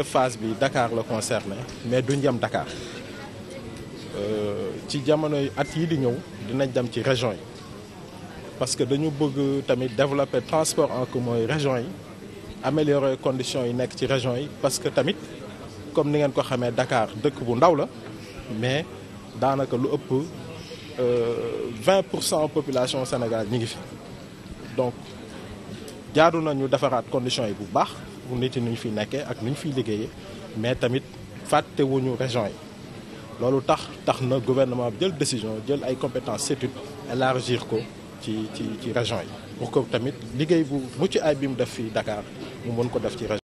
phase bi Dakar la concerné mais duñ yem Dakar euh, ci jamonoy at yi di ñëw dina dem ci région yi parce que dañu bëgg tamit développer transport en commun yi région yi améliorer conditions yi nekk ci région yi parce que tamit comme ni ngeen ko xamee dakaar dëkk bu ndaw la mais daanaka lu ëpp euh, vingt pour cent population Sénégal ñi ngi fi donc jaadu nañu defaraat conditions yi bu baax pour nit yi nu ñu nekkee ak nu ñu fiy liggéeyee mais tamit fàttewuñu région yi loolu tax tax na gouvernement bi jël décision jël ay compétences études élargir ko ci ci ci région yi pour que tamit liggéey bu mucc ay bi mu def fii Dakar mu mën ko def ci région